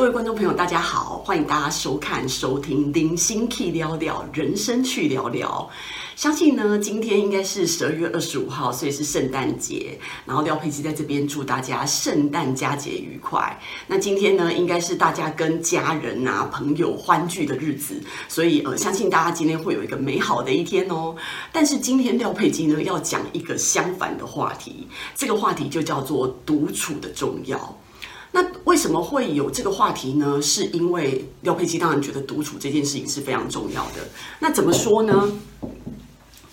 各位觀眾朋友，大家好！歡迎大家收看、收聽《零心 K 聊聊人生趣聊聊》人生去聊聊。相信呢，今天應該是十二月二十五號，所以是聖誕節。然後廖佩基在這邊祝大家聖誕佳節愉快。那今天呢，應該是大家跟家人啊、朋友歡聚的日子，所以呃，相信大家今天會有一個美好的一天哦。但是今天廖佩基呢，要講一個相反的話題，這個話題就叫做獨處的重要。那為什麼會有這個話題呢？是因為廖佩琪當然覺得獨處這件事情是非常重要的。那怎麼說呢？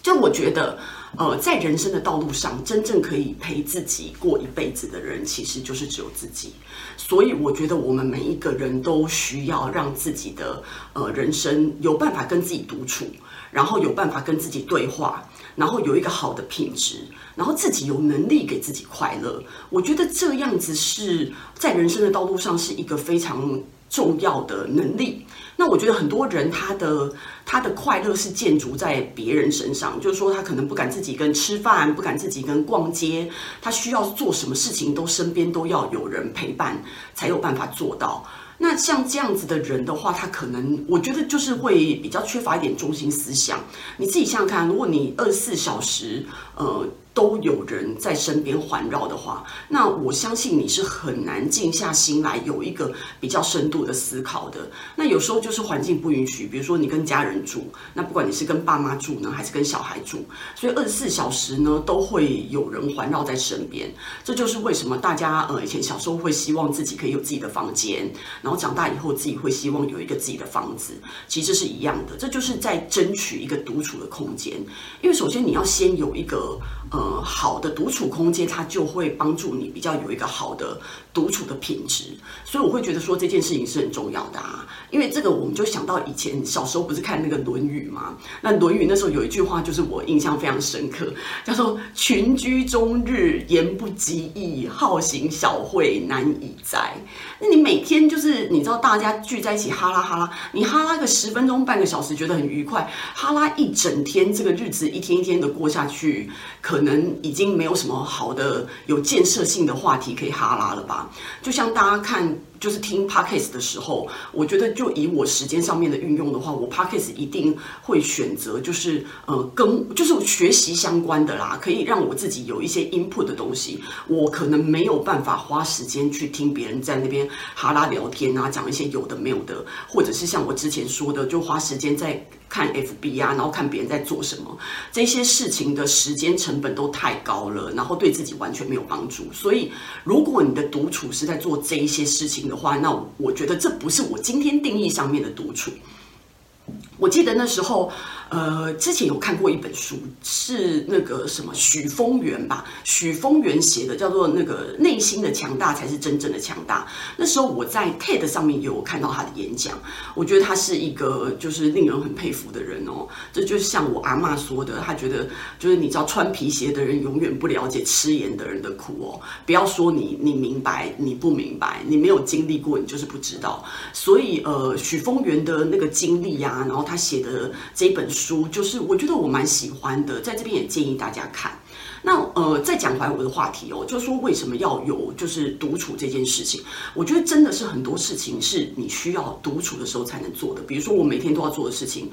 就我覺得，呃，在人生的道路上，真正可以陪自己過一輩子的人，其實就是只有自己。所以，我覺得我們每一個人都需要讓自己的呃人生有辦法跟自己獨處，然後有辦法跟自己對話。然後有一個好的品質，然後自己有能力給自己快樂，我覺得這樣子是在人生的道路上是一個非常重要的能力。那我覺得很多人他的他的快樂是建築在別人身上，就是說他可能不敢自己跟吃飯，不敢自己跟逛街，他需要做什麼事情都身邊都要有人陪伴，才有辦法做到。那像這樣子的人的話，他可能我覺得就是會比較缺乏一點中心思想。你自己想想看，如果你二十四小時，呃。都有人在身邊環繞的話，那我相信你是很難靜下心來有一個比較深度的思考的。那有時候就是環境不允許，比如說你跟家人住，那不管你是跟爸媽住呢，還是跟小孩住，所以二十四小時呢都會有人環繞在身邊。這就是為什麼大家呃以前小時候會希望自己可以有自己的房間，然後長大以後自己會希望有一個自己的房子，其實是一樣的。這就是在爭取一個獨處的空間，因為首先你要先有一個呃。嗯、好的獨處空間，它就會幫助你比較有一個好的獨處的品質，所以我會覺得說這件事情是很重要的啊。因為這個，我們就想到以前小時候不是看那個《論語》嗎？那《論語》那時候有一句話就是我印象非常深刻，叫做“群居終日，言不及義，好行小慧，難以哉”。那你每天就是你知道大家聚在一起哈拉哈拉，你哈拉個十分鐘、半個小時，覺得很愉快；哈拉一整天，這個日子一天一天的過下去，可能。已經沒有什麼好的、有建設性的話題可以哈拉了吧？就像大家看。就是聽 Podcast 的時候，我覺得就以我時間上面的運用的話，我 Podcast 一定會選擇就是呃跟就是學習相關的啦，可以讓我自己有一些 input 的東西。我可能沒有辦法花時間去聽別人在那邊哈拉聊天啊，講一些有的沒有的，或者是像我之前說的，就花時間在看 FB 啊，然後看別人在做什麼，這些事情的時間成本都太高了，然後對自己完全沒有幫助。所以，如果你的獨處是在做這一些事情，的話，那我覺得這不是我今天定義上面的獨處。我記得那時候。呃，之前有看過一本書，是那個什麼許峰源吧？許峰源寫的叫做《那個內心的強大才是真正的強大》。那時候我在 TED 上面有看到他的演講，我覺得他是一個就是令人很佩服的人哦。這就是像我阿嬤說的，他覺得就是你知道穿皮鞋的人永遠不了解吃鹽的人的苦哦。不要說你你明白，你不明白，你沒有經歷過，你就是不知道。所以呃，許峰源的那個經歷呀、啊，然後他寫的這一本書。書就是，我覺得我蠻喜歡的，在這邊也建議大家看。那呃，再講回我的話題哦，就是說為什麼要有就是獨處這件事情？我覺得真的是很多事情是你需要獨處的時候才能做的，比如說我每天都要做的事情，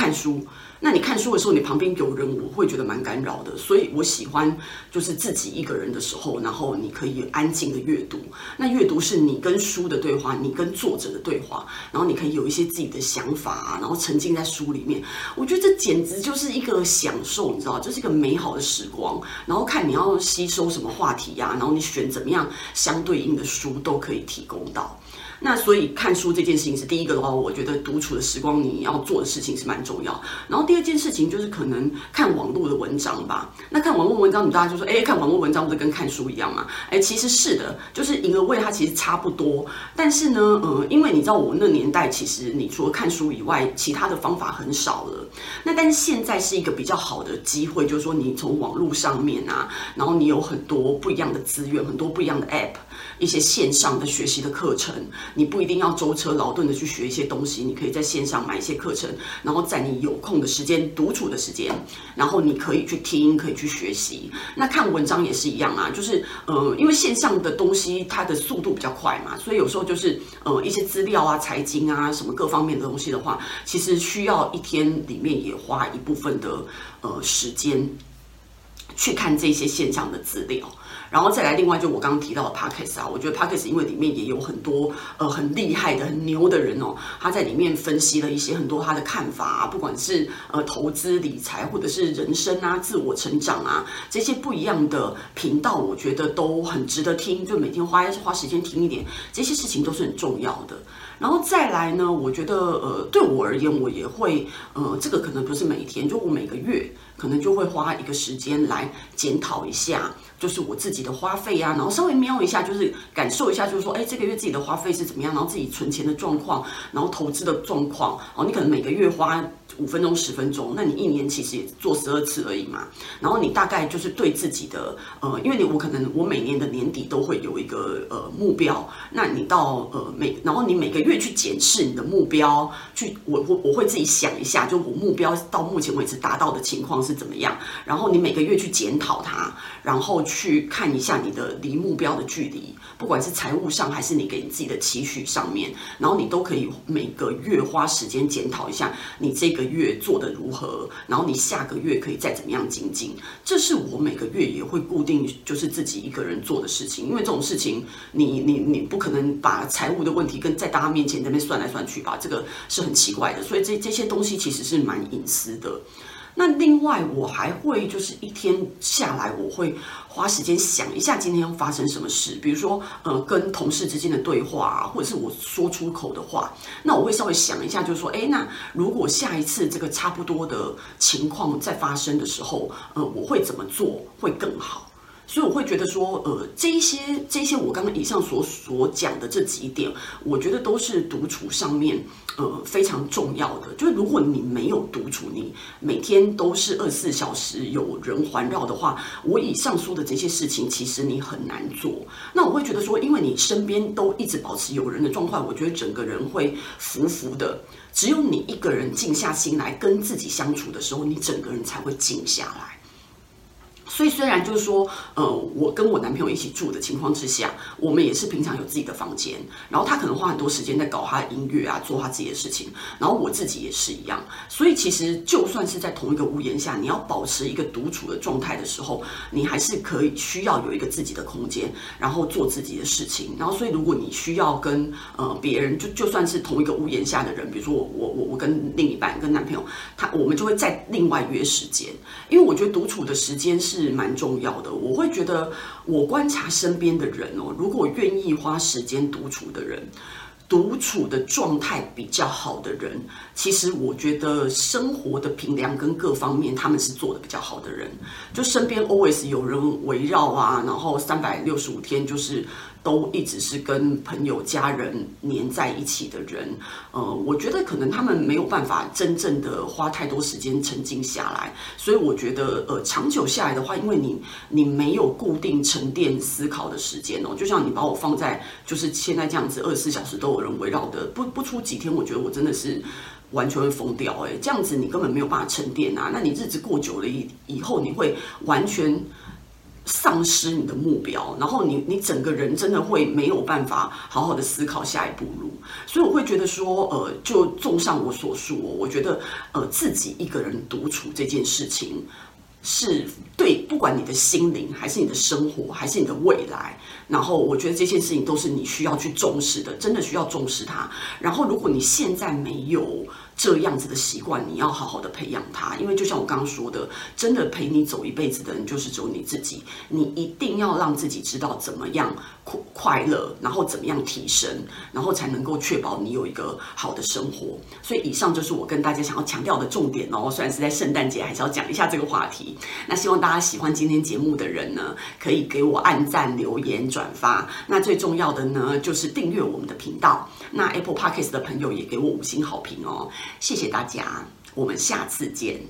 看書，那你看書的時候，你旁邊有人，我會覺得蠻干擾的。所以我喜歡就是自己一個人的時候，然後你可以安靜的閱讀。那閱讀是你跟書的對話，你跟作者的對話，然後你可以有一些自己的想法啊，然後沉浸在書裡面。我覺得這簡直就是一個享受，你知道，這、就是一個美好的時光。然後看你要吸收什麼話題呀、啊，然後你選怎麼樣相對應的書都可以提供到。那所以看書這件事情是第一個的話，我覺得獨處的時光你要做的事情是蠻重要。然後第二件事情就是可能看網絡的文章吧。那看網絡文章，你大家就說，哎，看網絡文章不是跟看書一樣嗎？哎，其實是的，就是一個味，它其實差不多。但是呢，呃、嗯，因為你知道我那年代，其實你除了看書以外，其他的方法很少了。那但是現在是一個比較好的機會，就是說你從網絡上面啊，然後你有很多不一樣的資源，很多不一樣的 app。一些線上的學習的課程，你不一定要舟車勞頓的去學一些東西，你可以在線上買一些課程，然後在你有空的時間、獨處的時間，然後你可以去聽，可以去學習。那看文章也是一樣啊，就是呃，因為線上的東西它的速度比較快嘛，所以有時候就是呃一些資料啊、財經啊什麼各方面的東西的話，其實需要一天裡面也花一部分的呃時間去看這些線上的資料。然後再來，另外就我剛剛提到的 Podcast 啊，我覺得 Podcast 因為裡面也有很多呃很厲害的、很牛的人哦，他在裡面分析了一些很多他的看法啊，不管是呃投資理財或者是人生啊、自我成長啊這些不一樣的頻道，我覺得都很值得聽，就每天花要是花時間聽一點，這些事情都是很重要的。然後再來呢，我覺得，呃，對我而言，我也會，呃，這個可能不是每天，就我每個月可能就會花一個時間來檢討一下，就是我自己的花費呀，然後稍微瞄一下，就是感受一下，就是說，哎，這個月自己的花費是怎麼樣，然後自己存錢的狀況，然後投資的狀況。哦，你可能每個月花五分鐘十分鐘，那你一年其實也做十二次而已嘛。然後你大概就是對自己的呃，因為你我可能我每年的年底都會有一個呃目標，那你到呃每然後你每個月去檢視你的目標，去我我我會自己想一下，就我目標到目前為止達到的情況是怎麼樣。然後你每個月去檢討它，然後去看一下你的離目標的距離，不管是財務上還是你給你自己的期許上面，然後你都可以每個月花時間檢討一下你這個。個月做得如何，然後你下個月可以再怎麼樣精進，這是我每個月也會固定，就是自己一個人做的事情。因為這種事情你，你你你不可能把財務的問題跟在大家面前那邊算來算去吧，這個是很奇怪的。所以這這些東西其實是蠻隱私的。那另外，我還會就是一天下來，我會花時間想一下今天要發生什麼事。比如說，呃，跟同事之間的對話或者是我說出口的話，那我會稍微想一下，就是說，誒，那如果下一次這個差不多的情況再發生的時候，呃，我會怎麼做會更好？所以我會覺得說，呃，這一些，這一些我剛剛以上所所講的這幾點，我覺得都是獨處上面呃非常重要的。就是如果你沒有獨處，你每天都是二十四小時有人環繞的話，我以上說的這些事情，其實你很難做。那我會覺得說，因為你身邊都一直保持有人的狀況，我覺得整個人會浮浮的。只有你一個人靜下心來跟自己相處的時候，你整個人才會靜下來。所以雖然就是說，呃，我跟我男朋友一起住的情況之下，我們也是平常有自己的房間。然後他可能花很多時間在搞他的音樂啊，做他自己的事情。然後我自己也是一樣。所以其實就算是在同一個屋檐下，你要保持一個獨處的狀態的時候，你還是可以需要有一個自己的空間，然後做自己的事情。然後所以如果你需要跟呃別人，就就算是同一個屋檐下的人，比如說我我我我跟另一半、跟男朋友，他我們就會再另外約時間。因為我覺得獨處的時間是。是蠻重要的，我會覺得，我觀察身邊的人哦，如果願意花時間獨處的人，獨處的狀態比較好的人，其實我覺得生活的平量跟各方面他們是做得比較好的人，就身邊 always 有人圍繞啊，然後三百六十五天就是。都一直是跟朋友、家人黏在一起的人，呃，我覺得可能他們沒有辦法真正的花太多時間沉靜下來，所以我覺得，呃，長久下來的話，因為你你沒有固定沉澱思考的時間哦，就像你把我放在就是現在這樣子，二十四小時都有人圍繞的，不不出幾天，我覺得我真的是完全會瘋掉誒、哎，這樣子你根本沒有辦法沉澱啊，那你日子過久了以以後，你會完全。喪失你的目標，然後你你整個人真的會沒有辦法好好的思考下一步路，所以我會覺得說，呃，就綜上我所述，哦，我覺得，呃，自己一個人獨處這件事情是對，不管你的心靈還是你的生活還是你的未來，然後我覺得這件事情都是你需要去重視的，真的需要重視它。然後如果你現在沒有，這樣子的習慣，你要好好的培養它。因為就像我剛剛說的，真的陪你走一輩子的人就是只有你自己。你一定要讓自己知道怎麼樣快快樂，然後怎麼樣提升，然後才能夠確保你有一個好的生活。所以以上就是我跟大家想要強調的重點哦。雖然是在聖誕節，還是要講一下這個話題。那希望大家喜歡今天節目的人呢，可以給我按讚、留言、轉發。那最重要的呢，就是訂閱我們的頻道。那 Apple Podcast 的朋友也給我五星好評哦。謝謝大家，我們下次見。